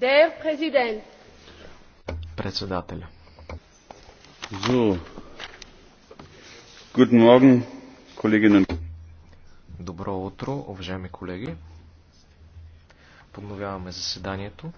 Der Präsident. Председателя. So. Guten Morgen, Kolleginnen. Добро утро, уважаеми колеги. Подновяваме заседанието.